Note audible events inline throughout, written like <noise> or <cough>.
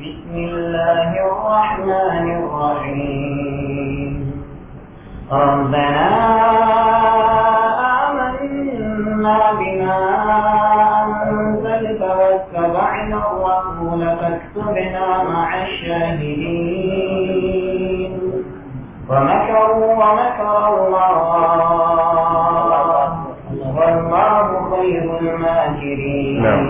بسم الله الرحمن الرحيم ربنا آمنا بما أنزلت واتبعنا الرسول فاكتبنا مع الشاهدين ومكروا ومكروا الله والله خير الماكرين نعم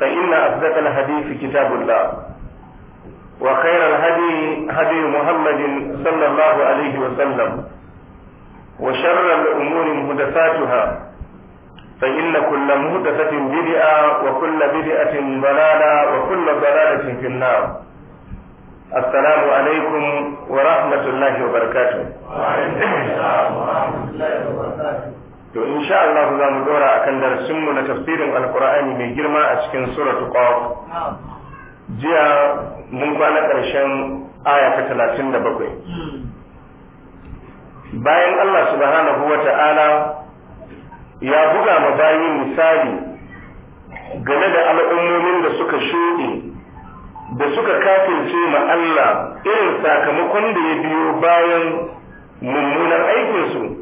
فإن أصدق الحديث كتاب الله وخير الهدي هدي محمد صلى الله عليه وسلم وشر الأمور مهدفاتها فإن كل مهدفة بدعة وكل بدعة ضلالة وكل ضلالة في النار السلام عليكم ورحمة الله وبركاته وعليكم السلام ورحمة الله وبركاته to insha Allah za mu dora akan darasin mu na tafsirin alqur'ani mai girma a cikin suratul qaf jiya mun kwana karshen aya ta 37 bayan Allah subhanahu wata'ala ya buga ma bayi misali game da al'ummomin da suka shuɗe da suka kafirce ma Allah irin sakamakon da ya biyo bayan mummunan aikinsu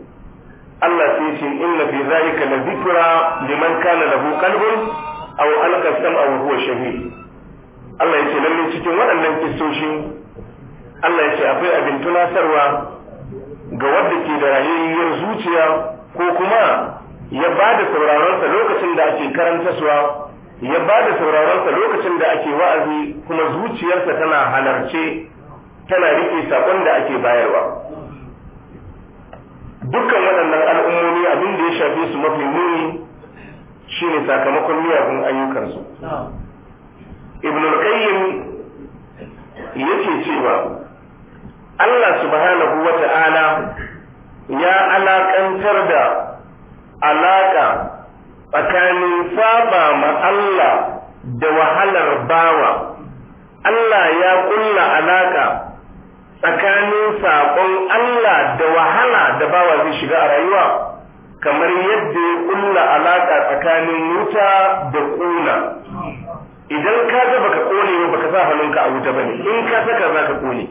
Allah sai ce inna fi zalika la dhikra liman kana lahu qalbun aw alqa sam'a wa huwa shahid Allah ya ce cikin waɗannan kissoshi Allah ya ce akwai abin tunasarwa ga wanda ke da rayuwar zuciya ko kuma ya bada da sauraronsa lokacin da ake karantaswa ya bada da sauraronsa lokacin da ake wa'azi kuma zuciyarsa tana halarce tana riƙe saƙon da ake bayarwa. dukkan waɗannan al'ummomi abin da ya shafe su mafi muni shi ne sakamakon miyagun ayyukansu ibn al-qayyim yake cewa Allah subhanahu wa ta'ala ya alaƙantar da alaƙa tsakanin saba ma Allah da wahalar bawa Allah ya kulla alaƙa tsakanin saƙon Allah da wahala da bawa zai shiga a rayuwa kamar yadda ya ƙulla alaƙa tsakanin wuta da ƙuna idan ka ga baka ƙone ba ka sa hannunka a wuta bane in ka saka za ka ƙone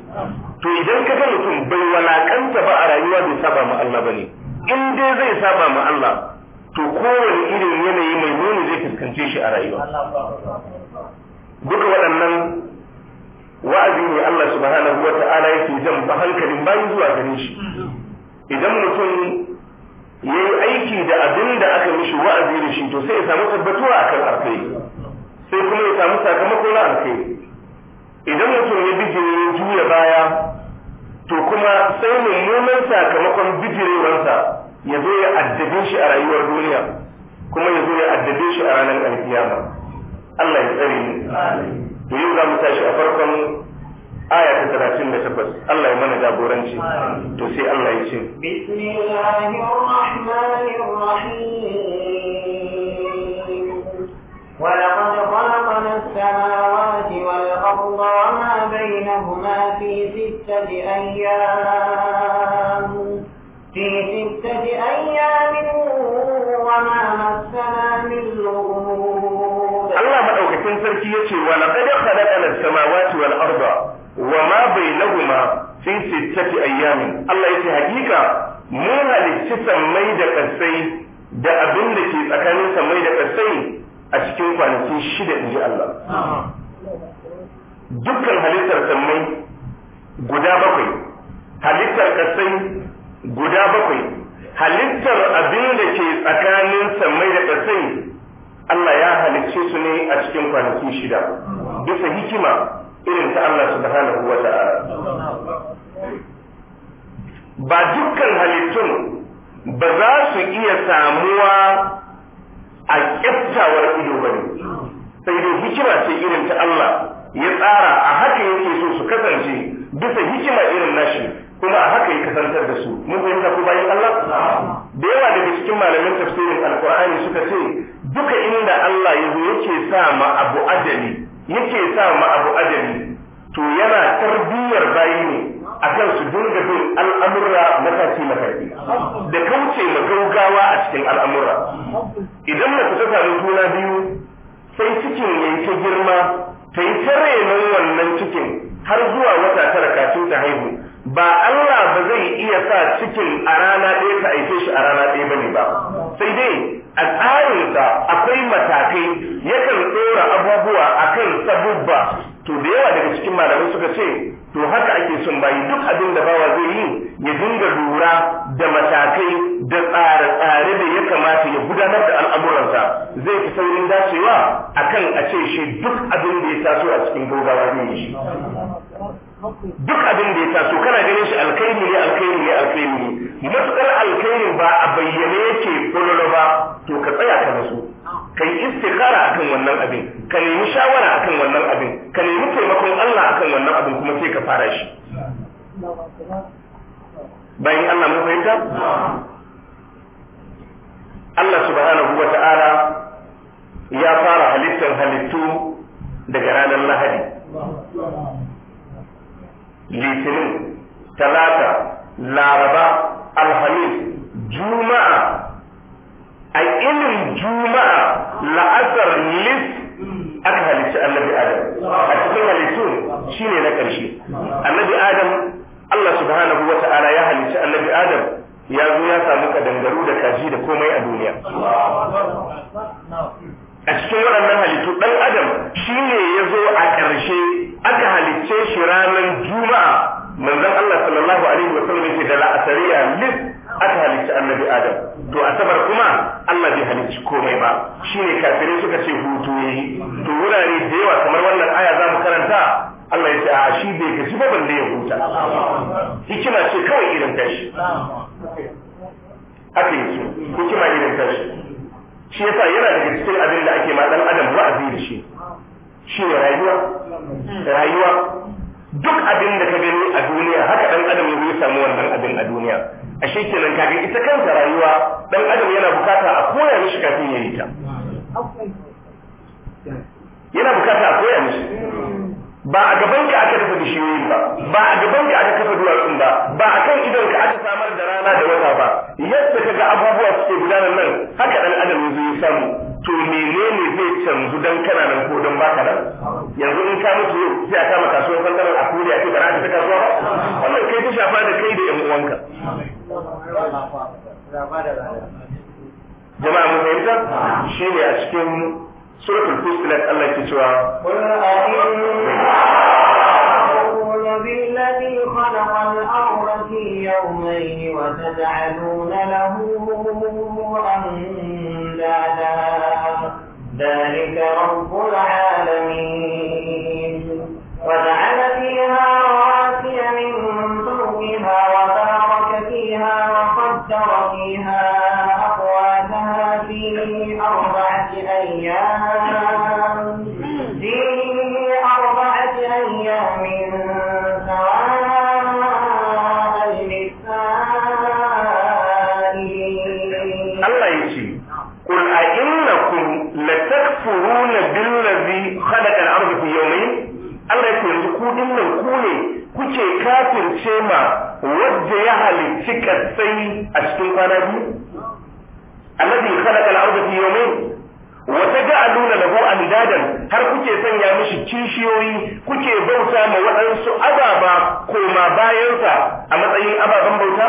to idan ka ga mutum bai walaƙanta ba a rayuwa bai saba ma Allah bane in dai zai saba ma Allah to kowane irin yanayi mai nuni zai fuskance shi a rayuwa duka waɗannan wa'azi ne Allah subhanahu wa ta'ala yake zan ba hankalin bayi zuwa gare shi idan mutum ya yi aiki da abin da aka mishi wa'azi da shi to sai ya samu tabbatuwa a kan alkai sai kuma ya samu sakamako na alkai idan mutum ya bijire ya juya baya to kuma sai mummunan sakamakon bijirewarsa ya zo ya addabe shi a rayuwar duniya kuma ya zo ya addabe shi a ranar alkiyama Allah ya tsare mu yau za mu tashi a farkon aya ta talatin da tabbas Allah ya mana jagoranci to sai Allah ya ce ولقد خلقنا السماوات والأرض وما بينهما في ستة أيام في ستة أيام وما مسنا من لغوب madaukakin sarki yace wa laqad khalaqna as-samawati wal Arba wa ma bainahuma fi sittati ayyami. Allah ya ce hakika mu halicci sammai da kasai da abin da ke tsakanin sammai da kasai a cikin kwanaki shida in ji Allah dukkan halittar sammai guda bakwai halittar kasai guda bakwai halittar abin da ke tsakanin sammai da kasai Allah ya halicce su ne a cikin kwanaki shida bisa hikima irin ta Allah subhanahu wa ta'ala ba dukkan halittun ba za su iya samuwa a kyaftawar ido ba ne sai dai hikima ce irin ta Allah ya tsara a haka yake so su kasance bisa hikima irin nashi kuma a haka ya kasantar da su mun fahimta ko bayan Allah da yawa daga cikin malamin tafsirin alkur'ani suka ce duka inda Allah ya zo yake sa ma abu ajali yake sa ma abu ajali to yana tarbiyyar bayi ne akan su dinga bin al'amura mataki mataki da kauce ma gaugawa a cikin al'amura. idan mace ta samu juna biyu sai cikin ya ta girma ta yi ta renon wannan cikin har zuwa wata tara kafin ta haihu ba Allah ba zai iya sa cikin a rana ɗaya ta aike shi a rana ɗaya bane ba sai dai a tsarinsa akwai matakai yakan tsora abubuwa akan sabubba to da yawa daga cikin malamai suka ce to haka ake son bayi duk abin da bawa zai yi ya dinga lura da matakai da tsare-tsare da ya kamata ya gudanar da al'amuransa zai fi saurin dacewa akan a ce shi duk abin da ya taso a cikin gaugawa zai yi shi duk abin da ya taso kana ganin shi alkhairi ne alkhairi ne alkhairi ne matukar alkhairin ba a bayyane yake bololo ba to ka tsaya ka nasu kai istikhara akan wannan abin ka nemi shawara akan wannan abin ka nemi taimakon Allah akan wannan abin kuma sai ka fara shi bayan Allah mun fahimta Allah subhanahu wa ta'ala ya fara halittar halittu daga ranar Lahadi litinin talata laraba alhamis juma'a a ilin juma'a la'asar lis aka halicci annabi adam a cikin halittu shine na ƙarshe annabi adam Allah subhanahu wa ta'ala ya halicci annabi adam ya zo ya samu kadangaru da kaji da komai a duniya a cikin waɗannan halittu ɗan adam shi ne ya zo a ƙarshe aka halicce shi ranar juma'a manzon Allah sallallahu alaihi wa sallam yake da la'asariya lis aka halicci annabi adam to asabar kuma Allah bai halicci komai ba shine kafirai suka ce hutu yi to wurare da yawa kamar wannan aya za mu karanta Allah ya ce a shi bai gaji ba balle ya huta hikima ce kawai irin tashi haka yake hikima irin tashi shi yasa yana daga cikin abin da ake ma dan adam wa'azi da shi shi ne rayuwa rayuwa duk abin da ka gani a duniya haka dan adam ya yi samu wannan abin a duniya ashe kenan kaga ita kanta rayuwa dan adam yana bukata a koya mishi kafin ya yi ta yana bukata a koya mishi ba a gaban ka aka dafa bishiyoyi ba ba a gaban ka aka kafa duwatsun ba ba a kan idon ka aka samar da rana da wata ba yadda kaga abubuwa suke gudanar nan haka dan adam ya yi ya samu to menene zai canzu dan kana nan ko dan baka nan yanzu in ka mutu sai a kama kasuwar kankanar a koriya ce ba ta kasuwa ba wannan kai ta shafa da kai da yan uwanka jama'a mun fahimta shi ne a cikin suratul fusilat Allah ke cewa بالذي يومين وتجعلون له أن الأعلى ذلك رب العالمين da ya halicci kasai a cikin kwana biyu alladhi khalaqa al-ardha fi yawmayn wa taj'aluna lahu har kuke sanya mishi kishiyoyi kuke bauta ma waɗansu ababa ko ma bayansa a matsayin ababen bauta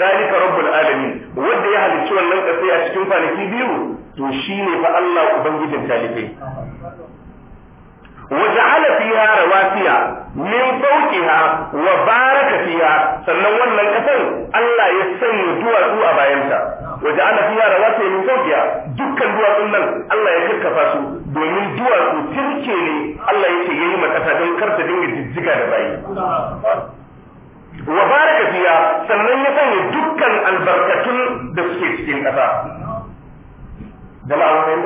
zalika rabbul alamin wanda ya halicci wannan kasai a cikin kwanaki biyu to shine fa Allah ubangijin talibai وجعل فيها rawasiya من فوقها wa baraka سنن wannan kasar Allah ya sanya duwatsu a bayanta وجعل فيها rawasiya من فوقها dukkan duwatsun nan Allah ya karkafa su domin duwatsu tirke ne Allah yake yayi ma kasa don kar ta dinga jijjiga da bayi wa baraka fiya sannan ya sanya dukkan albarkatun da suke cikin kasa jama'a wannan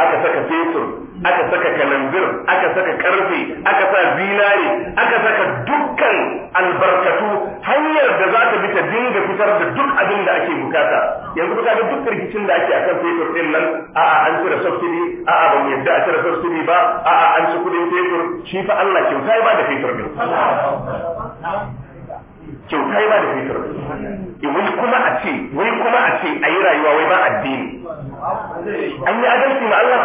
aka saka fetur aka saka kalanzir aka saka karfe aka sa zinare aka saka dukkan albarkatu hanyar da za ta bi ta dinga fitar da duk abin da ake bukata yanzu ka ga duk rikicin da ake akan fetur din nan a'a an cire subsidy a'a ban yadda a cire subsidy ba a'a an ci kudin fetur shi fa Allah kyauta ya ba da fetur din kyauta ba da fitar eh, wai kuma a ce wai kuma a ce a yi rayuwa wai ba addini an yi adalci ma Allah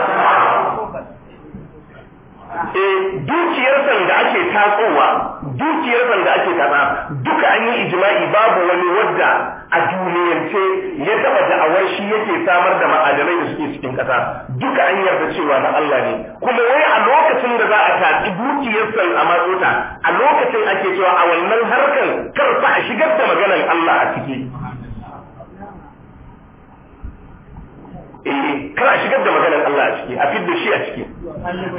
eh dukiyar san da ake tatsowa dukiyar san da ake tatsa duka an yi ijma'i babu wani da a duniyance ya taba awar shi yake samar da ma'adanai da suke cikin ƙasa duka an yarda cewa na Allah ne kuma wai a lokacin da za a tatsi dukiyarsa a matsota a lokacin ake cewa a wannan harkar karfa a shigar da maganar Allah a ciki eh a shigar da maganar Allah a ciki a fidda shi a ciki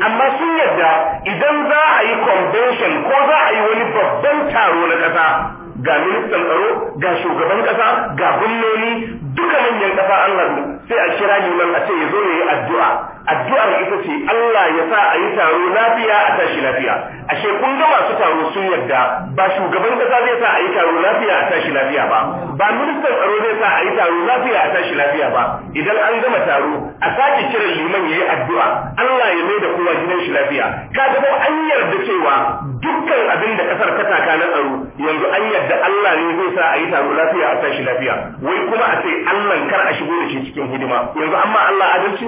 amma sun yarda idan za a yi convention ko za a yi wani babban taro na ƙasa ga ministan tsaro ga shugaban kasa ga gwamnoni duka manyan an Allah sai a kira neman a ce ya zo ya yi addu'a addu'ar ita ce Allah ya sa a yi taro lafiya a tashi lafiya ashe kun ga masu taro sun yarda ba shugaban kasa zai sa a yi taro lafiya a tashi lafiya ba ba ministan tsaro zai sa a yi taro lafiya a tashi lafiya ba idan an gama taro a sake kiran liman yayi addu'a Allah ya mai da kowa gidan shi lafiya ka ga an yarda cewa dukkan abin da kasar ta taka na tsaro yanzu an yarda Allah ne zai sa a yi taro lafiya a tashi lafiya wai kuma a ce Allah kar a shigo da shi cikin hidima yanzu amma Allah adalci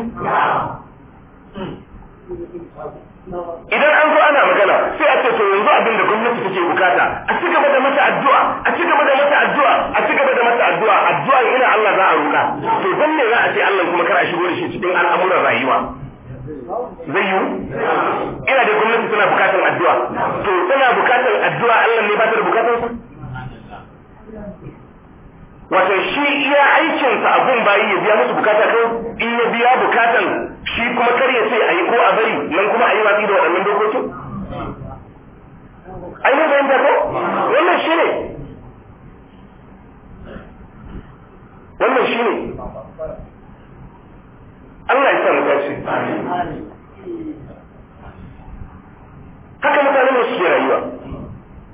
idan an zo ana magana sai a ce to yanzu abin da gwamnati take bukata a ci gaba da mata addu'a a ci gaba da mata addu'a a ci gaba da mata addu'a addu'a ina Allah za a roƙa to dan ne za a ce Allah kuma kar a shigo da shi cikin al'amuran rayuwa zai yiwu ina da gwamnati tana bukatar addu'a to tana bukatar addu'a Allah ne ba ta da wato shi iya aikinsa abun bayi ya biya musu bukata ko in ya biya bukatan shi kuma kar ya ayi ko a bari nan kuma ayi watsi da waɗannan dokokin ai ne bayan ko wannan shi ne wannan shi ne Allah ya sa mu dace haka mutane ne suke rayuwa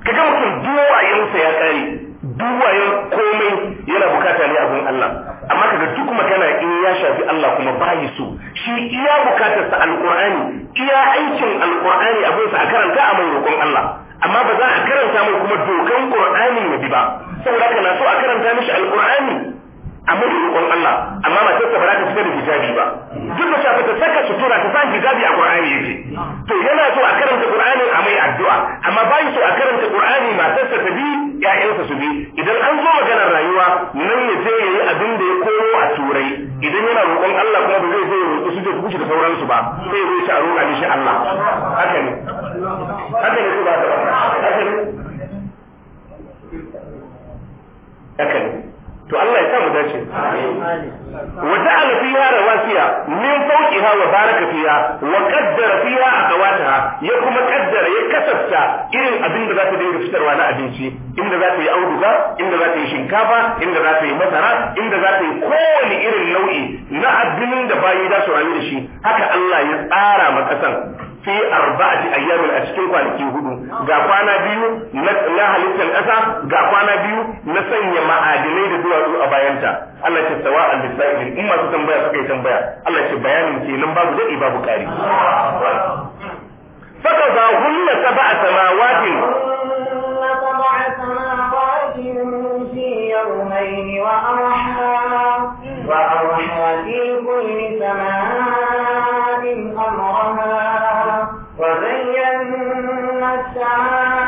kaga mutum duwayensa ya kare duwayen komai yana bukata ne abin Allah amma kaga duk magana in ya shafi Allah kuma bayi so shi iya bukatar sa alqur'ani iya aikin alqur'ani abin sa a karanta a mai Allah amma ba za a karanta mai kuma dokan qur'ani ne ba saboda haka na so a karanta mishi alqur'ani a mai roƙon Allah amma ba ta ba za ta fita da hijabi ba duk da shafi ta saka sutura ta sa hijabi a qur'ani yake to yana so a karanta qur'ani a mai addu'a amma bayi so a karanta qur'ani matarsa ta biyu Ya'yansa su bi idan an zo maganar rayuwa nan ya sai yayi abin da ya koyo a turai idan yana roƙon Allah kuma ba zai je ya roƙi su je kuci da sauransu ba sai zai ci a roƙa shi Allah haka ne haka ne su ba haka ne haka ne to Allah ya sa mu dace wa ja'ala fiha rawasiya min fawqiha wa baraka fiha wa qaddara fiha ya kuma kaddara ya kasafta irin abin da za ta dinga fitarwa na abinci inda za ta yi auduga inda za ta yi shinkafa inda za ta yi masara inda za ta yi kowane irin nau'i na abin da bayi za su rayu da shi haka Allah ya tsara ma kasan fi arba'ati ayyamin a cikin kwanaki hudu ga kwana biyu na halittar ƙasa ga kwana biyu na sanya ma'adinai da duwatsu a bayanta Allah ce sawa al in masu tambaya suka yi tambaya Allah ce bayanin kenan babu daɗi babu kari فقضاهن سبع سماوات وأرحى في كل سماء أمرها وزينا السماء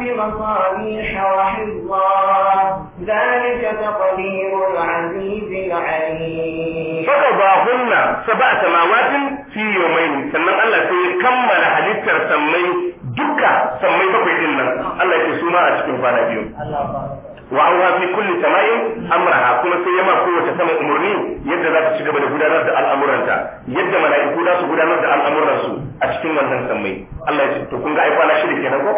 بمصابيح وحفظا ذلك تقدير العزيز العليم فقضاهن سبع سماوات في يومين sannan Allah sai ya kammala halittar sammai duka sammai bakwai dinnan. nan Allah ya suma a cikin kwana biyu wa auha fi kulli sama'in amraha kuma sai ya ma kowace sama umarni yadda za ta ci gaba da gudanar da al'amuranta yadda mala'iku za su gudanar da al'amuransu a cikin wannan samai? Allah ya ce to kun ga ai kwana shida kenan ko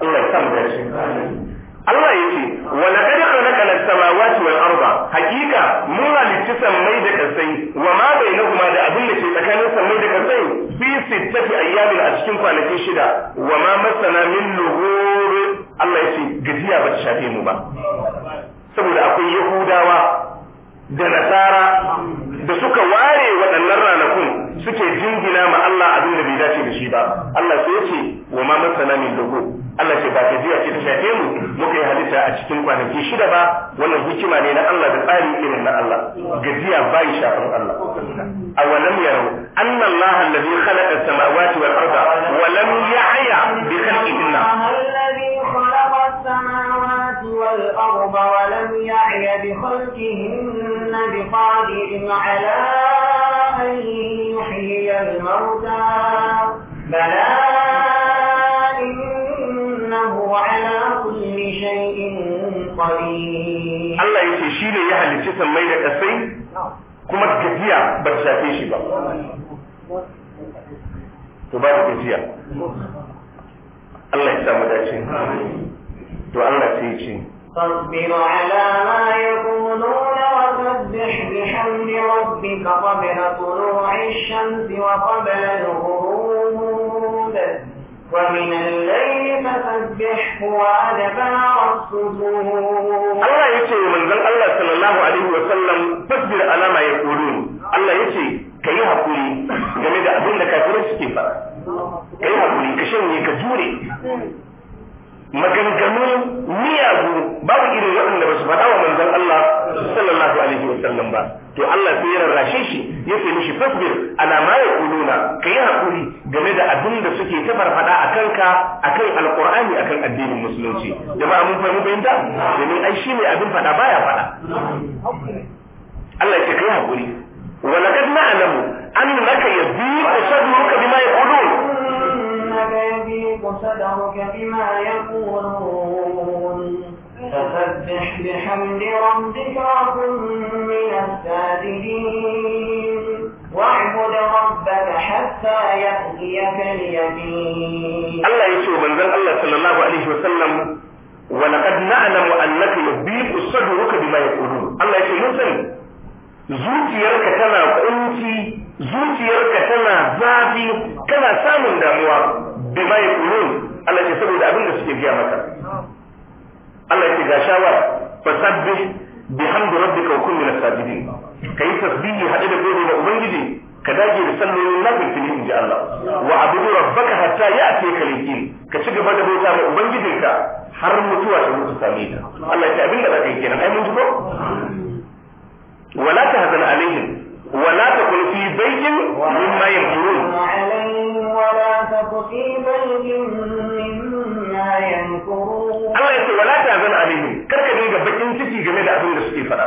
Allah ya samu dace Allah ya ce wa laqad khalaqna as-samawati wal arda haqiqa mun halicci sammai da kasai wa ma kuma da abin da ke tsakanin sammai da kasai fi sittati ayyamin a cikin kwanaki shida wa ma masana min lughur Allah ya ce gajiya ba ta shafe mu ba saboda akwai yahudawa da nasara da suka ware waɗannan ranakun suke jingina ma Allah abin da bai dace da shi ba Allah sai ya ce wa ma masana min lughur Allah ce ba ta jiya ce ta shafe mu muka yi halitta a cikin kwanaki shida ba wannan hikima ne na Allah da tsari irin na Allah gajiya ba yi shafin Allah awalam yarau anna Allah alladhi khalaqa samawati wal arda wa lam yahya bi khalqihinna والأرض ولم يعي بخلقهن بقادر على أن يحيي الموتى بلى قدير الله يكي شيني يهل جسم ميدا كسي كما تجديا بتشافي شي بقى تبارك تجديا الله يسامو داشي تو الله سيجي فاصبر على ما يقولون وسبح بحمد ربك قبل طلوع الشمس وقبل الغروب ومن الليل Allah ya ce manzon Allah sallallahu alaihi wa sallam fasbir ala ma yaquluna Allah ya ce kai hakuri game da abin da kafirai suke fara kai hakuri ka shanye ka jure maganganu miyagu babu irin waɗanda ba su faɗa wa manzon Allah sallallahu alaihi wa sallam ba to Allah sai ya rarrashe shi yace mishi fasbir ala ma yaquluna kai hakuri game da abin da suke ta farfada akan ka akan alqur'ani akan addinin musulunci jama'a mun fahimta bayanta domin ai shi ne abin fada baya fada Allah ya kai hakuri wa laqad na'lamu annaka yadhiqu sadruka bima yaqulun فسبح بحمد ربك وكن من الساجدين واعبد ربك حتى يأتيك اليقين الله يسوع من ذن الله صلى الله عليه وسلم ولقد نعلم أنك يضيق صدرك بما يقولون الله يسوع من zuciyarka tana kunci zuciyarka tana zafi kana samun damuwa bima yaqulun Allah ya saboda abin da suke biya maka Allah ya ce ga shawara fasabbih bihamdi rabbika wa kun min as-sajidin kai tasbihi hade da gode ga ubangiji ka dage da sallolin nafil fili inji Allah wa abudu rabbaka hatta ya'ti kalikin ka ci gaba da bauta ga ubangijinka har mutuwa ta mutu same ta Allah ya ce abinda za ka yi kenan ai mun ji ko wala tahzan alaihim ولا تكن في بيت مما يمكرون ولا تكن في بيت مما يمكرون الله يقول ولا تهزن kar ka dinga bakin ciki game da abin da suke faɗa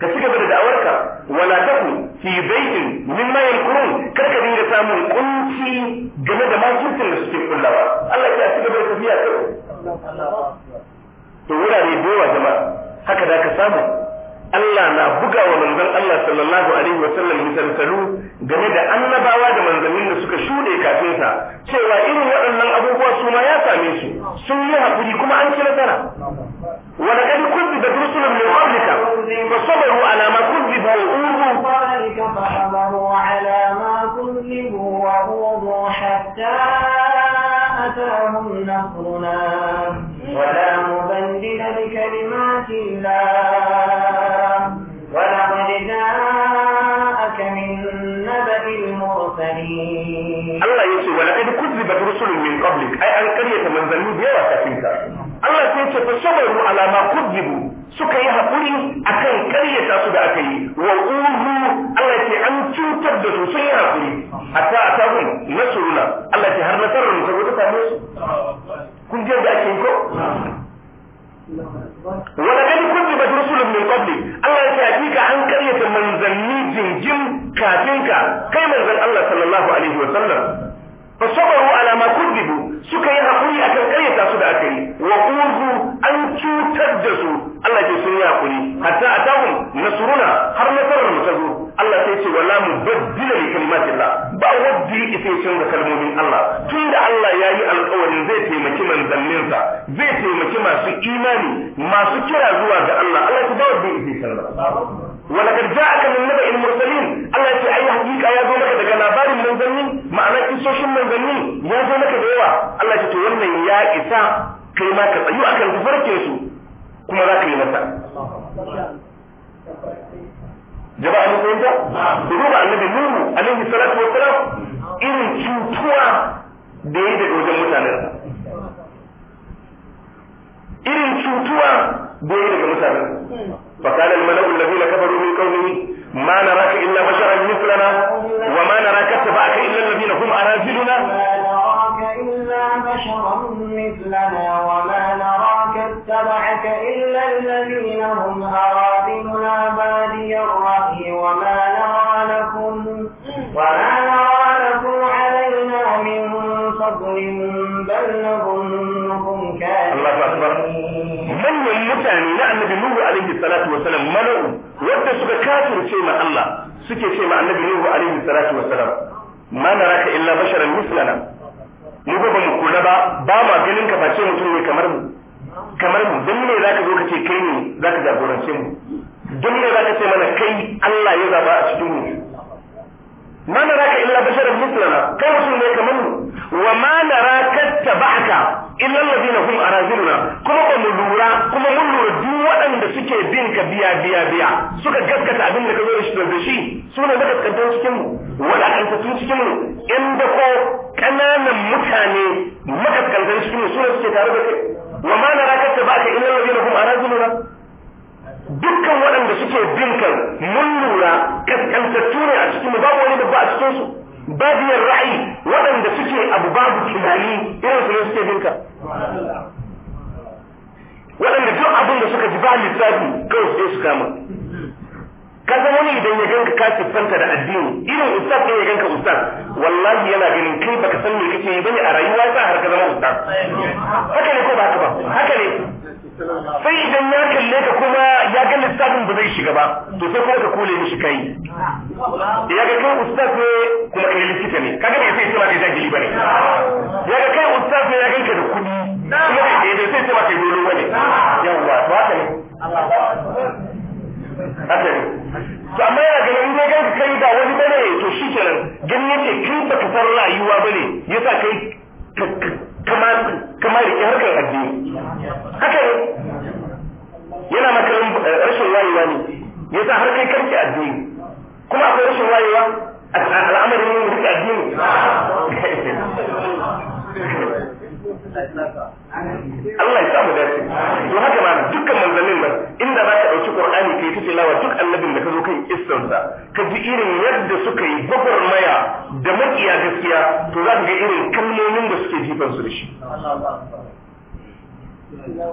ka ci gaba da da'awarka wala taku fi baitin mimma yankurun kar ka dinga samun kunci game da makircin da suke kullawa Allah ya ci gaba da tafiya kai to wurare da jama'a haka da ka samu Allah na buga wa manzon Allah sallallahu alaihi wa sallam misalsalu game da annabawa da manzannin da suka shuɗe kafin sa cewa irin waɗannan abubuwa su ma ya same su sun yi hakuri kuma an ci nasara ولقد كذبت رسل من قبلك فصبروا على ما كذبوا وأوذوا فصبروا على ما كذبوا وأوضوا حتى أتاهم نصرنا ولا مبدل لكلمات الله ولقد جاءك من نبأ المرسلين الله يسوع ولقد كذبت رسل من قبلك أي أن من ذنوب يا وكفيك Allah sai ce fa sabaru ala ma kudzibu suka yi hakuri akan karyata su da aka yi wa uhu Allah ce an cutar da su sun yi hakuri hatta wa a ja'aka min naba'il mursalin Allah ya ce ai hakika ya zo maka daga labarin manzanni ma'ana kisoshin manzanni ya zo maka da yawa Allah ya ce wannan ya isa kai ma ka tsayu akan tafarkin su kuma za ka yi masa jama'a mun fahimta a duba annabi nuhu alaihi salatu wa salam irin cutuwa da daga wajen mutanen فقال الملأ الذين كفروا من قومه ما نراك إلا بشرا مثلنا وما نراك اتبعك إلا الذين هم أراجلنا وما نراك اتبعك إلا الذين هم أراجلنا mutane na annabi Nuhu alaihi salatu wasalam mala'u wanda suka kafirce ma Allah suke ce ma annabi Nuhu alaihi salatu wasalam ma naraka illa basharan mislana mu ba mu kula ba ba ma ganin ka face mutum ne kamar mu kamar mu dan ne zaka zo ka kai ne zaka jagorance mu dan ne zaka ce mana kai Allah ya zaba a cikin mu ma naraka illa basharan mislana kai mutum ne kamar mu wa ma naraka tabaka illal ladina hum araziluna kuma ba mu lura kuma mun lura duk waɗanda suke bin ka biya biya biya suka gaskata abin da ka zo da shi da shi su ne gaskatan cikin mu tun cikin mu inda ko kananan mutane makaskantan cikin mu su ne suke tare da kai wa ma na raka ta baka illal ladina hum araziluna dukkan waɗanda suke bin ka mun lura kaskantattu ne a cikin mu babu wani da ba a cikin su badiyar ra'ayi waɗanda suke abu babu tunani irin su ne suke jinka waɗanda duk abin da suka ji ba lissafi kawai sai su kama ka zama wani idan ya ganka ka siffanta da addini irin ustaz ne ya ganka ustaz wallahi yana ganin kai baka san me kake yi bane a rayuwa sa har ka zama ustaz haka ne ko ba haka ba haka ne sai nan ba zai shiga ba to sai kuma ka kule mishi kai ya ga kai ustaz ne kuma kai likita ne kaga bai sai cewa dai zagili bane ya ga kai ustaz ne ya ganka da kudi kuma kai sai sai cewa kai lolo bane yawa to haka ne haka ne to amma yana ganin ne ya ganka kai da wani bane to shi kenan ganin yake kai ka san rayuwa bane yasa kai kamar kamar rike harkar addini haka ne yana maka eh, rashin wayewa ne yasa har kai karki addini kuma akwai rashin wayewa al'amarin yin mutum addini Allah ya samu dace to haka ma dukkan manzannin nan inda ba ka ɗauki Qur'ani kai ta tilawa duk annabin da ka zo kan ka ji irin yadda suka yi maya da makiya gaskiya to za ka ga irin kalmomin da suke jifan su da shi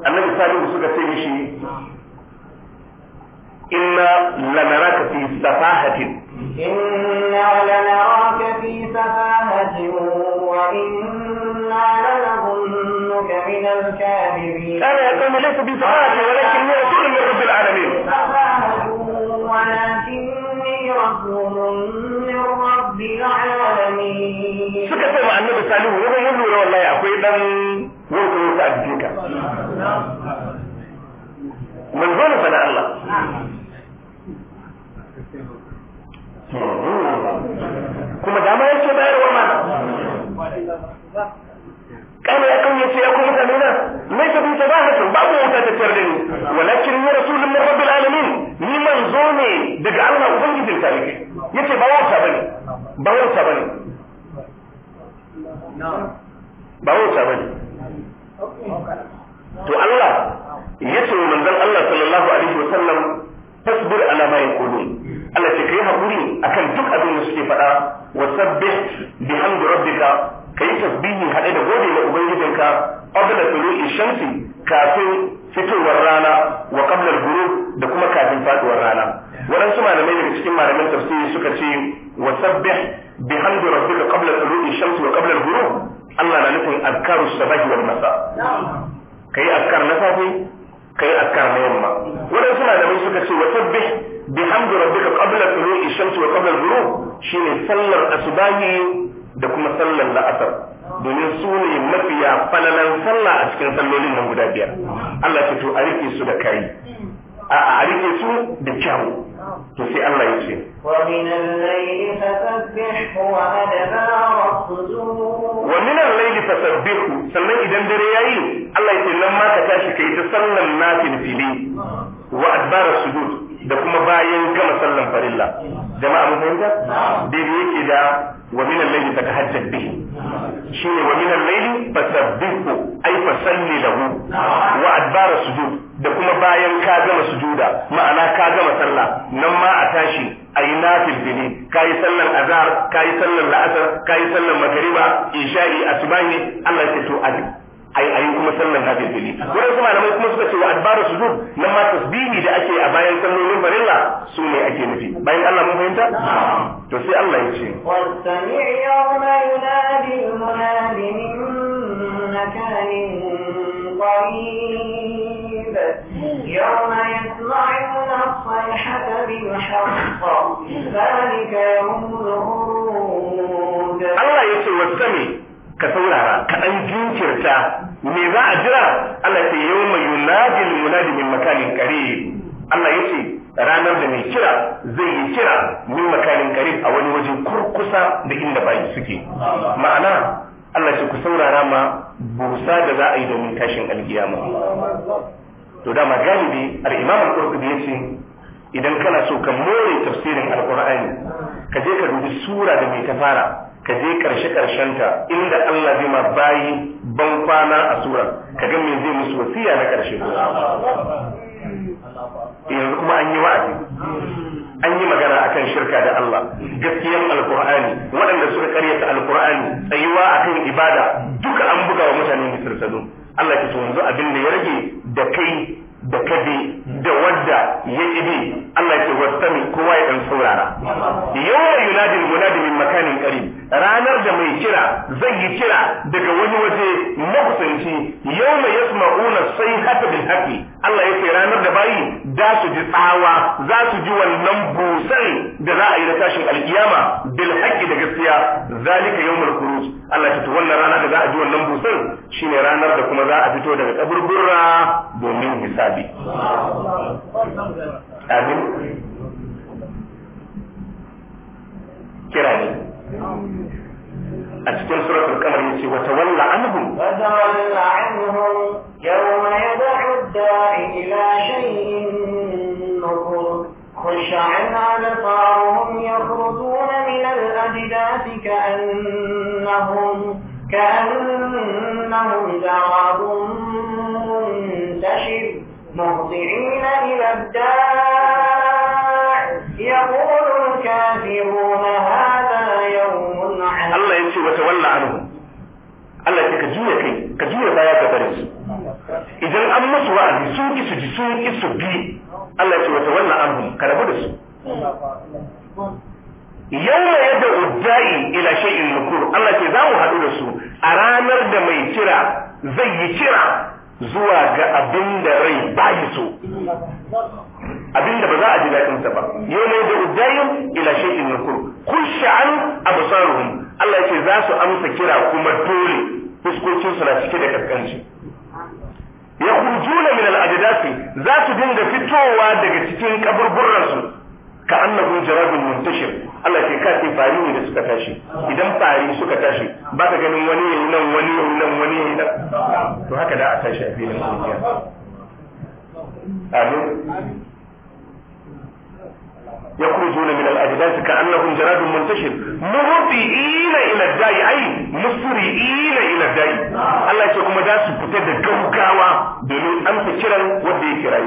annabi salihu suka ce mishi inna lanaraka fi safahatin inna lanaraka fi safahatin wa inna lanadhunnuka min al-kadhibin ana ya qawmi laysa bi safahatin walakin huwa rasulun min rabbil alamin ولكني رسول من رب العالمين suka ce ma annabi salihu wani mun lura wallahi akwai dan Allah a jikinka. ka manzo ne fada Allah kuma dama ya ce bayarwa ma kana ya kan yace ya kuma tanuna mai ta binta bahatun babu wuta ta tare da ni walakin ni rasulun min rabbil alamin ni manzo ne daga Allah ubangijin tarihi yace ba wata bane ba wata bane ba wata bane to Allah yace wa manzon Allah sallallahu alaihi wa sallam fasbir ala ma yaqulun Allah ce kai hakuri akan duk abin da suke faɗa wa sabbih bihamdi rabbika kai tasbihi hade da gode wa ubangijinka qabla tulu'i shamsi kafin fitowar rana wa qabla al-ghurub da kuma kafin faduwar rana waɗansu malamai daga cikin malaman tafsiri suka ce wa sabbih bihamdi rabbika qabla tulu'i shamsi wa qabla al-ghurub Allah na nufin azkaru sabahi wal masa kai azkar na safe kai azkar na yamma wannan suna da mai suka ce wa tabbih bihamdi rabbika qabla tulu'i shamsi wa qabla ghurub shine sallar asbahi da kuma sallar la'asar domin su ne mafiya falalan sallah a cikin sallolin nan guda biyar Allah ce to a rike su da kai a rike su da kyau, to sai Allah ya ce wa min al-layli fasabbih wa adbara as-sujud fasabbihu sannan idan dare yayi Allah ya ce nan ma ka tashi kai ta sallan nafil fili wa adbara sujud da kuma bayan gama sallan farilla jama'a mun fahimta dai yake da wa min al-layli fatahajjat bihi shine wa min al-layli fasabbihu ay fasalli lahu sujud da kuma bayan ka gama sujuda ma'ana ka gama sallah nan ma a tashi ayi nafil dini kai sallar azhar kai sallar la'asar yi sallar magriba isha'i asbahi Allah ya to to ayi kuma sallan hafil fili Wani su malamai kuma suka ce wa adbaru sujud na ma tasbihi da ake a bayan sallolin barilla su ne ake nufi bayan Allah mun fahimta to sai Allah ya ce wasami yawma ka saurara ka dan jinkirta me za a jira Allah ce yau mai yunadi munadi min makalin kare. Allah ya ce ranar da mai kira zai yi kira min makalin kare a wani waje kurkusa da inda bayi suke ma'ana Allah ce ku saurara ma busa da za a yi domin tashin alkiyama to dama galibi al-imam al-qurtubi ce idan kana so ka more tafsirin al ka je ka dubi sura da mai ta fara ka je karshe ta inda Allah zai ma bayi ban kwana a sura ka ga me zai musu wasiya na karshe yanzu kuma an yi wa'azi an yi magana akan shirka da Allah gaskiyar alkur'ani waɗanda suka karyata alkur'ani tsayuwa akan ibada duka an buga wa mutanen misir Allah ya so yanzu abin da ya rage da kai da kabi da wadda ya ibi Allah ke wasami kowa ya dan saurara yawa yunadil munadi min makanin qarib ranar da mai kira zai yi kira daga wani waje makusanci mai yasma'una haka bil haqi Allah ya ce ranar da bayi za su ji tsawa za su ji wannan busan da za a yi da tashin alkiyama bil haqqi da gaskiya zalika yawmul khuruj Allah ya ce wannan rana da za a ji wannan busan shine ranar da kuma za a fito daga kaburburra domin hisabi amin kira ne أتكون سورة الكمر يسي وتولى عنهم وتولى عنهم يوم يدع الداعي إلى شيء نظر خش عن أبصارهم يخرجون من الأجداث كأنهم كأنهم جراب منتشر مهطعين إلى الداعي ka juya baya ka bari su idan an musu wa'azi su ki su ji su ki su bi Allah ya ce wata wannan anhum ka rabu da su yawma yadda uddai ila shay'in nukur Allah ce za mu haɗu da su a ranar da mai kira zai yi kira zuwa ga abin da rai yi so abinda ba za a ji daɗin sa ba yau ne da udayin ila shay'in nukur kush'an absaruhum Allah ya ce za su amsa kira kuma dole Fuskocinsu na cike da kaskanci ya kurjuna min al'adadasi za su dinga fitowa daga cikin kaburburansu ka annabun jarabin muntashir Allah ke kace fari ne da suka tashi idan fari suka tashi ba ka ganin wani yayi nan wani yayi nan wani yayi nan to haka da a tashi a filin duniya يخرجون من الأجداث كأنهم جراد منتشر مهطئين إلى الداي أي مسرئين إلى الداي الله يسوكم داس فتد كوكاوا دون أمس كرا ودي كرا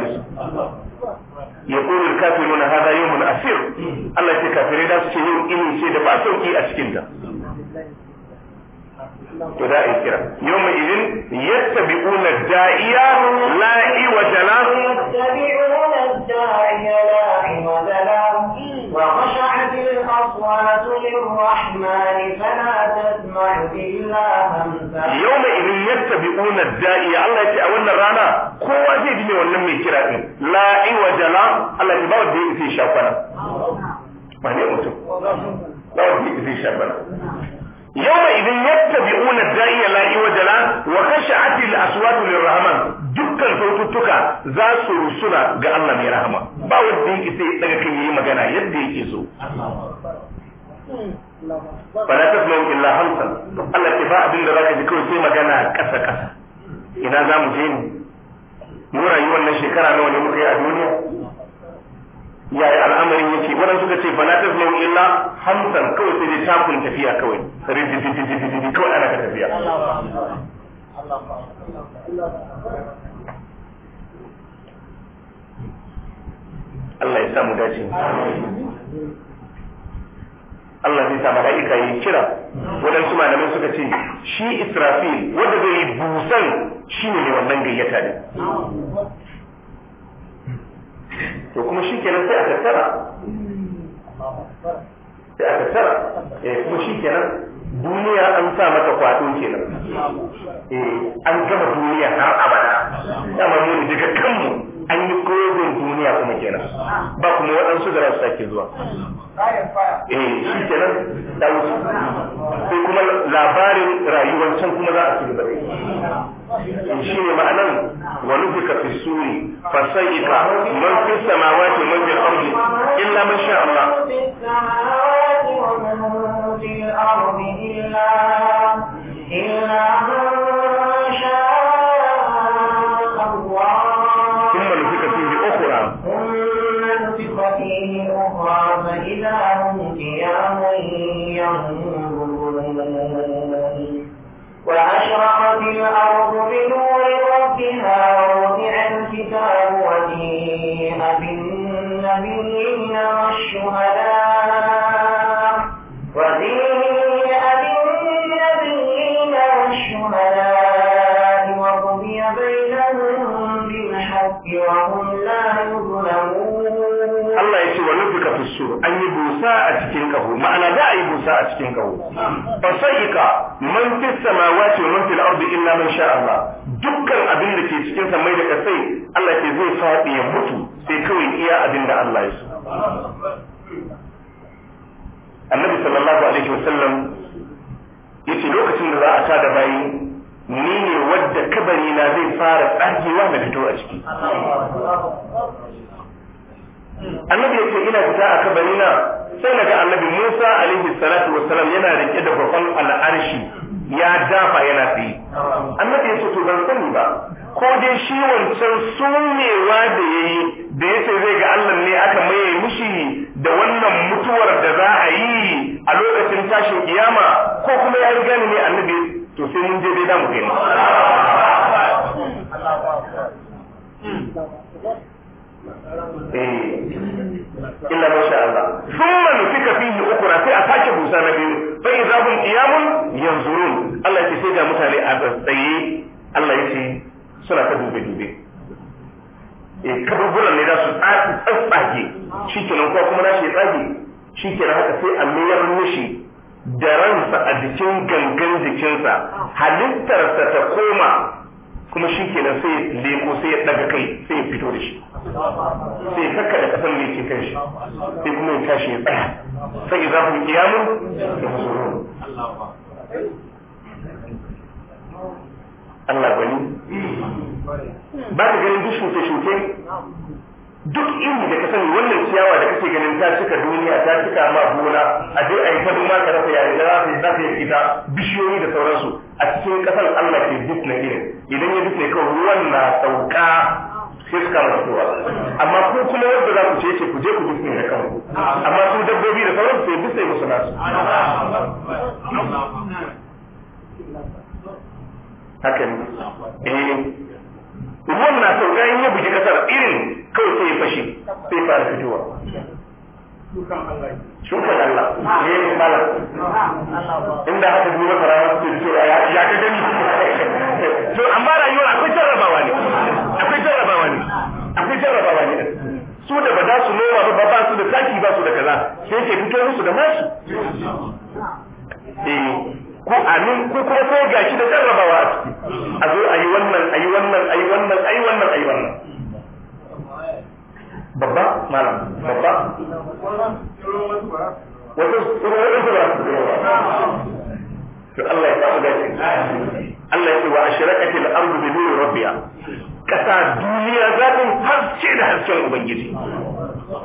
يقول الكافرون هذا يوم أسير الله يسوكم داس يوم إني سيد بأسوكي أسكنتا to da a kira yau mai izin yadda bi una da'iya la'i wa jalahu وخشعت الأصوات للرحمن فلا تسمع إلا همسا يومئذ يتبعون الداعي الله يتي أولا رانا كوا زي دي ولم يكرا لا عوج لا الله يبا ودي في شافنا ما ne mutum. Lawan fi shafa na. yawma idin yattabi'una da'iya la iwajala wa khashi'ati al-aswat lirrahman dukkan saututtuka za su rusuna ga Allah mai rahama ba wanda yake sai daga kan yi magana yadda yake so fala tasma'u illa hamsan Allah ke ba abin da zaka ji kawai sai magana ƙasa-ƙasa. ina za mu je mu rayuwar wannan shekara nawa ne muka yi a duniya yaya al'amarin yake wannan suka ce fala tasma'u illa hamsan kawai sai dai takun tafiya kawai rijiji kawai ana ka tafiya Allah ya sa mu dace Allah zai sa mala'ika yi kira waɗansu malamai suka ce shi Israfil wanda zai yi busan shi ne wannan gayyata ne to kuma shi kenan sai a tattara sai a tattara eh kuma shi kenan duniya an sa mata kwado kenan eh an gama duniya har abada dama mu daga kanmu an yi gogon duniya kuma kenan ba kuma waɗansu da su sake zuwa eh shi kenan da sai kuma labarin rayuwar can kuma za a ci gaba شيء معنى ونفك في السوري فسيك من في السماوات ومن في الأرض إلا من شاء الله إلا من وأشرقت الأرض بنور ربها ووضع الكتاب وجيء بالنبيين والشهداء an yi busa a cikin kaho ma'ana za a yi busa a cikin kaho fa sayqa man fi samawati wa man fil ardi illa man sha Allah dukkan abin da ke cikin samai da kasai Allah ke zai faɗi ya mutu sai kawai iya abin da Allah ya so Annabi sallallahu alaihi wa sallam yace lokacin da za a tada bayi ni ne wadda kabari na zai fara tsagewa na fito a ciki annabi yake ina fita a kabarina sai ga annabi Musa alaihi salatu wassalam yana rike da babban al'arshi ya dafa yana tsaye annabi yace to ban sani ba ko dai shi wancan sumewa da yayi da yace zai ga Allah ne aka maye mishi da wannan mutuwar da za a yi a lokacin tashin kiyama ko kuma ya riga ne annabi to sai mun je dai da mu kai <laughs> Eh, illa ma sha Allah thumma nufika fihi ukra sai a sake busa na biyu fa idza hum qiyamun yanzurun Allah ya ce sai ga mutane a tsaye Allah ya ce suna ta dube dube eh, kaburburan ne za su tsatsage shi kenan ko kuma nashi ya tsage shi kenan haka sai a mayar mishi da ransa a cikin gangan jikinsa halittarsa ta koma kuma shi kenan sai leko sai ya daga kai sai ya fito da shi sai kakka da kasan mai ke kanshi sai kuma ya tashi ya tsaya sai za ku kiyamun da zuru Allah gani ba ka ganin duk shuke-shuke duk inda da ka sani wannan ciyawa da kake ganin ta cika duniya ta cika ma gona a dai a yi ta duma ka rasa yare da za ka yi fita bishiyoyi da sauransu a cikin ƙasar Allah ke duk na irin idan ya duk ne kawai ruwan na sauka sai su kama fitowa amma ko kuma wanda za ku ce ce ku je ku duk da kanku amma su dabbobi da sauran sai duk musu nasu haka ne eh ruwan na sauka in ya buji kasar irin kawai sai ya fashe sai fara fitowa shukan Allah ne eh, ne inda haka duba farawa su ce ya ka gani <laughs> to amma rayuwar akwai jarrabawa ne jarrabawa ne akwai jarrabawa ne su da ba za su noma ba ba su da taki ba su da kaza sai ke fito musu da masu eh ko amin ko kuma ko gashi da jarrabawa a ciki a zo ayi wannan yi wannan ayi wannan ayi wannan ayi wannan babba malam babba wato tsoro wato ba to Allah ya kawo gashi Allah ya ce wa ashraqatil ardu bi nuri rabbiya. ƙasa duniya za ta haske da hasken ubangiji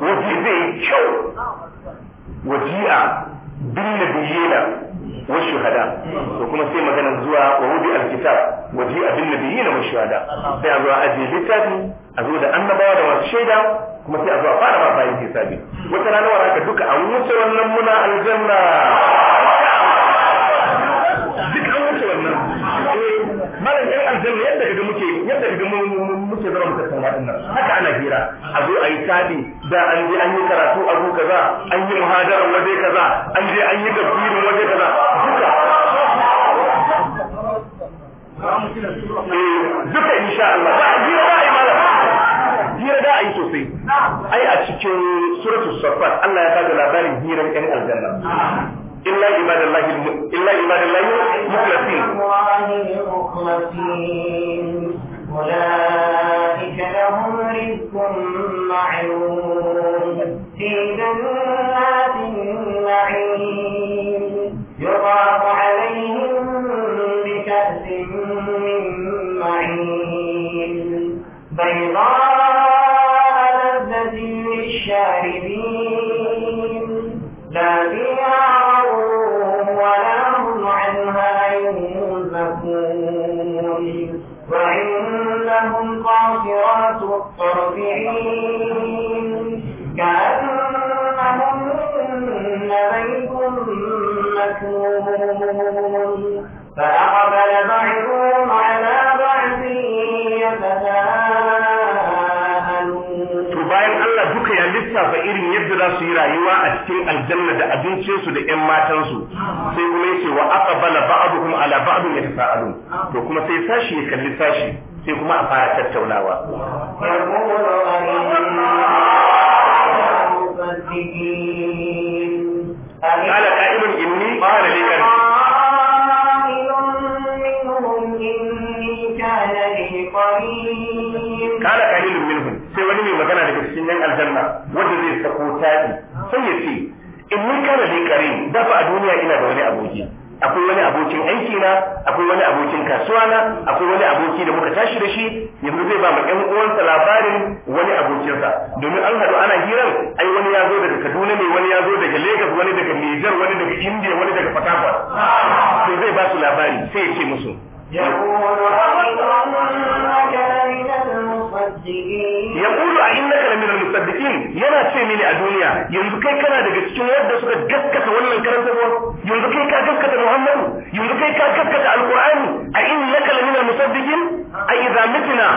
waje zai kyau waji'a bin nabiyina wa shuhada to kuma sai maganar zuwa wa wudi alkitab a bin nabiyina wa shuhada sai a zuwa aje littafi a zo da annabawa da masu shaida kuma sai a zuwa fara ma bayan hisabi wata rana waraka duka a wuce wannan muna aljanna yanzu mun muke zama muka tattauna din nan haka ana hira a zo a yi tabi da an je an yi karatu a zo kaza an yi muhadara waje kaza an je an yi tafsirin waje kaza duka duka insha Allah ba a jira ba a yi malam hira da a yi sosai ai a cikin suratul safat Allah ya bada labarin hiran yan aljanna illa ibadallahi illa ibadallahi mukhlasin أولئك لهم رزق معلوم في جنات النعيم يضاف عليهم بكأس من معين بيضاء لذة للشاربين لا فيها غرور ولا هم عنها ينزفون وعندهم قاصرات الطرف كأنهن بيت مكنون فأقبل بعضهم على بعض bayan Allah duka ya lissafa irin yadda za su yi rayuwa a cikin aljanna da abincinsu da ‘yan matansu sai kuma yake wa aka bala kuma ala ba'adun ya tasa'alun to kuma sai sashi ya kalli sashi sai kuma a fara tattaunawa قال قائل إني sai wani mai magana daga cikin yan aljanna wanda zai sako tadi sai ya ce in ni kana da kare dafa a duniya ina da wani aboki akwai wani abokin aiki na akwai wani abokin kasuwa na akwai wani aboki da muka tashi da shi yanzu zai ba mu ɗan uwansa labarin wani abokinsa domin an haɗu ana hirar ai wani ya zo daga Kaduna ne wani ya zo daga Lagos wani daga Niger wani daga India wani daga Port Harcourt zai ba su labari sai ya ce musu yaqulu a innaka lamin al-musaddiqin yana ce mini a duniya yanzu kai kana daga cikin wanda suka gaskata wannan karantarwa yanzu kai ka gaskata Muhammadu yanzu kai ka gaskata al a innaka lamin al-musaddiqin a idza mitna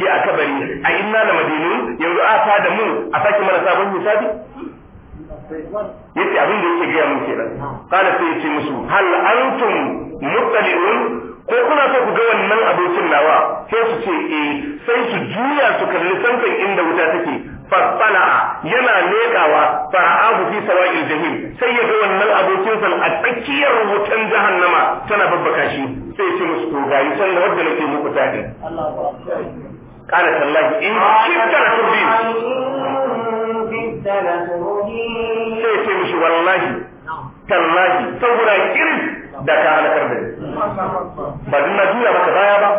je a kabari a inna da madinu yanzu a sa da mu a sake mana sabon hisabi yace abin da yake gaya mun kenan kana sai yace musu hal antum muttali'un ko kuna so ku ga wannan abokin nawa sai su ce eh sai su juya su kalli sankan inda wuta take fasala yana leƙawa fara'ahu fi sawa'il jahim sai ya ga wannan abokin sa a tsakiyar wutan jahannama tana babbaka shi sai ya ce musu to yi sannan wadda nake muku tadi قال تالله إن كنت لتردين sai ce mishi wallahi tallahi saboda irin da ka halakar da ba dinna juya maka baya ba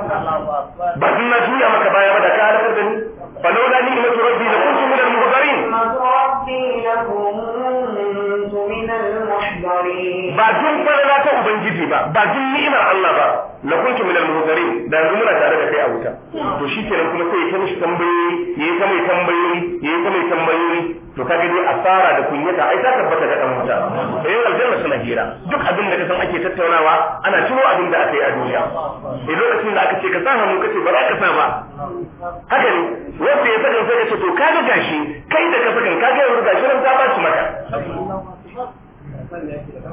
ba dinna juya maka baya ba da ka halakar da ni fa laula ni ma turabbi la kuntu min ba jin kwarara ta ubangiji ba ba jin ni'imar Allah ba na kunki minal muhtarin da yanzu muna tare da kai a wuta to shi kenan kuma sai ya ta mishi tambayoyi yi ta mai tambayoyi yi ta mai tambayoyi to kaga a asara da kunyata ai ta tabbata da dan wuta eh aljanna suna hira duk abin da ka san ake tattaunawa ana ciro abin da aka yi a duniya eh lokacin da aka ce ka sa hannu kace ba za ka sa ba haka ne wanda ya saka sai ka ce to ga gashi kai da ka saka ga yanzu gashi nan ta ba maka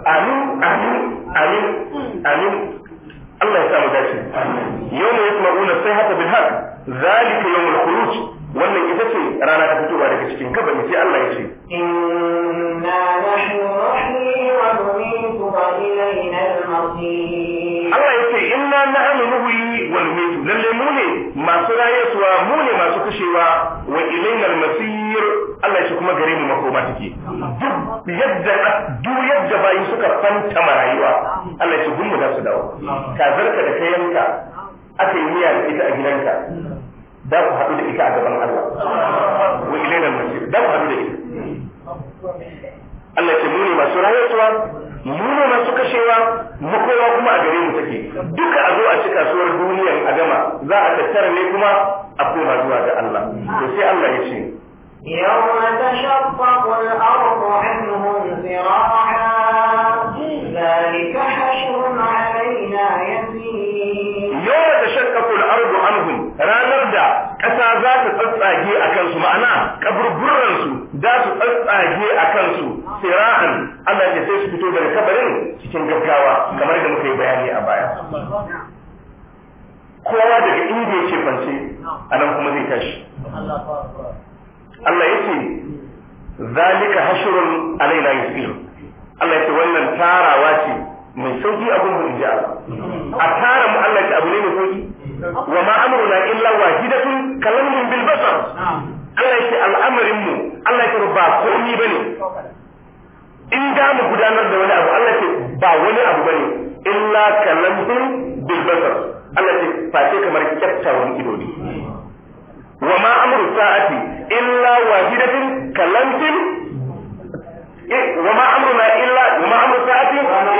amin amin amin hmm. amin Allah ya samu dace yawma yasma'una sayhata bil haq zalika yawmul khuruj wannan ita ce rana ta fitowa daga cikin kabari sai Allah ya ce inna nahnu nuhyi wa numitu wa ilayna al-masir Allah ya ce inna nahnu nuhyi wa numitu lalle masu rayuwa mu ne masu kushewa wa ilainal masir Allah shi kuma gare mu makoma take duk yadda du yadda bayi suka fanta rayuwa Allah shi gun da su dawo kazarka da kayanka aka yi miya da ita a gidanka da ku haɗu da ita a gaban Allah wa ilainal masir da ku haɗu da ita Allah shi mu ne masu rayuwa munana su kashewa makowa kuma a gare mu take duka a zo a ci kasuwar duniyan a gama za a tattara ne kuma a koma zuwa ga Allah to sai Allah ya ce يوم تشقق الأرض عنهم ذراعا ذلك حشر علينا يسير يوم تشقق الأرض عنهم ranar da ƙasa za ta tsatsage a su ma'ana kaburburansu za su tsatsage a kansu sira'an Allah ya sai su fito daga kabarin cikin gaggawa kamar da muka yi bayani a baya kowa daga inda ce kwance a nan kuma zai tashi Allah ya ce zalika hashurun alaina yusir Allah ya ce wannan tarawa ce mai sauki abin mu inji a tara mu Allah ya ce abu ne mai sauki wa ma na illa wahidatun kalamun bil Allah yake al'amarin mu Allah yake ba komi bane in da mu gudanar da wani abu Allah yake ba wani abu bane illa kalamhum bil basar Allah yake face kamar kyakkyawan ido ne wa ma amru sa'ati illa wahidatin kalamtin eh, wa ma na illa wa ma amru sa'ati Allah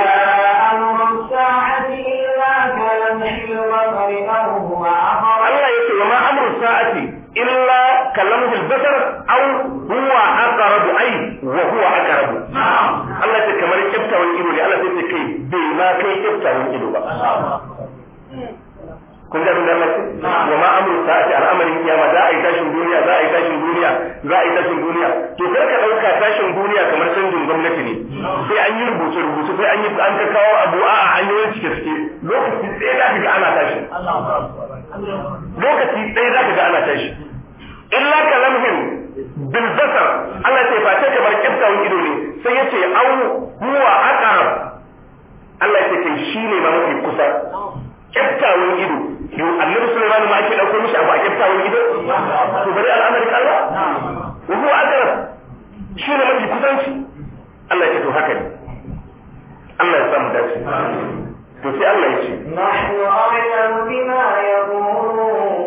yake wa ma amru sa'ati illa kalamul basar aw huwa aqrabu ay wa huwa aqrabu Allah ta kamar wani ido ne Allah sai kai bai ma kai wani ido ba kun ga abin da Allah ce wa ma amru sa'ati al'amarin kiyama za a yi tashin duniya za a yi tashin duniya za a yi tashin duniya to kar ka dauka tashin duniya kamar canjin gwamnati ne sai an yi rubutu-rubutu, sai an yi an ka kawo abu a hanyoyin cike cike lokaci ɗaya za ka ga ana tashi lokaci ɗaya za ka ga ana tashi illa kalamhim bil basar Allah ce ba ta kamar wani ido ne sai ya ce au huwa aqrab Allah ce shi ne ma mafi kusa wani ido yau annabi Sulaiman ma ake dauko mishi abu a wani ido to bari al'amari Allah wa huwa aqrab shi ne mafi kusanci Allah ya ce to haka ne Allah ya samu dace to sai Allah ya ce nahnu a'lamu bima yaqulun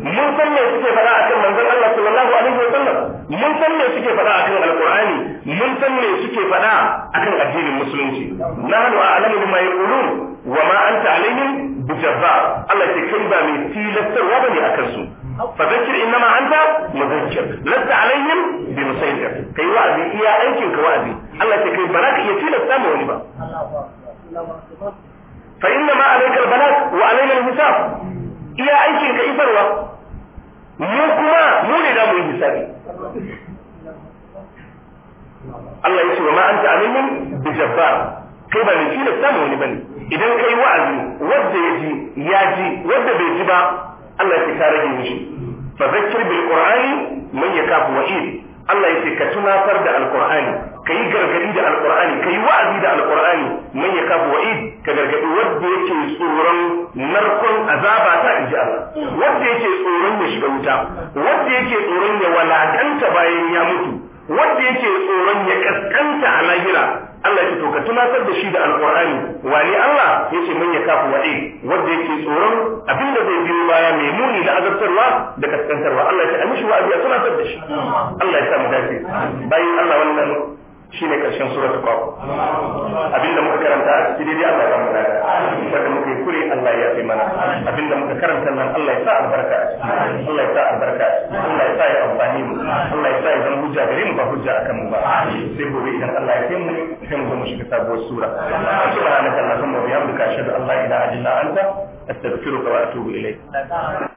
mun san me suke faɗa akan manzon Allah sallallahu alaihi sallam? mun san me suke faɗa akan alqur'ani mun san me suke faɗa akan addinin musulunci nahnu a'lamu bima yaqulun wa ma anta alaihim bijabbar Allah ya kai ba mai tilastarwa bane akan su fadakir innama anta mudakkir lasta alaihim bi musaytir kai wa'azi iya aikin ka wa'azi Allah ya kai ba za ka iya tilasta mu wani ba fa innama alaikal balagh wa alaina al-hisab iya aikin ka isarwa mu kuma mu ne da mu yi hisabi Allah ya ce wa ma anta alimun bi jabbar kai ba ne shi da samu wani bane idan kai wa'azi wanda ya ji ya ji wanda bai ji ba Allah ya ka rage shi fa zakkir bil qur'ani man yakafu wa'id Allah ya ce ka tunatar da alqur'ani ka yi gargadi da alkur'ani ka yi wa'azi da alkur'ani man ya kafa wa'id ka gargadi wanda yake tsoron narkon azaba ta inji Allah wanda yake tsoron ya shiga wuta wanda yake tsoron ya walakanta bayan ya mutu wanda yake tsoron ya kaskanta a lahira Allah ya to ka tunatar da shi da alkur'ani wani Allah yace man ya kafa wa'id wanda yake tsoron abinda zai biyo baya mai muni da azabtarwa da kaskantarwa Allah ya ce a mishi wa'azi a tunatar da shi Allah ya sa mu dace bayan Allah wannan shi ne ƙarshen surat qaf abinda muka karanta shi cikin Allah ya mu nada wanda muka yi kure Allah ya fi mana abinda muka karanta nan Allah ya sa albarka Allah ya sa albarka Allah ya sa ya amfani mu Allah ya sa ya zama hujja gare mu ba hujja akan mu ba sai gobe idan Allah ya kai mu sai mu zama shiga sabuwar sura subhanaka allahumma wa bihamdika ashhadu an la ilaha illa anta astaghfiruka wa atubu ilayk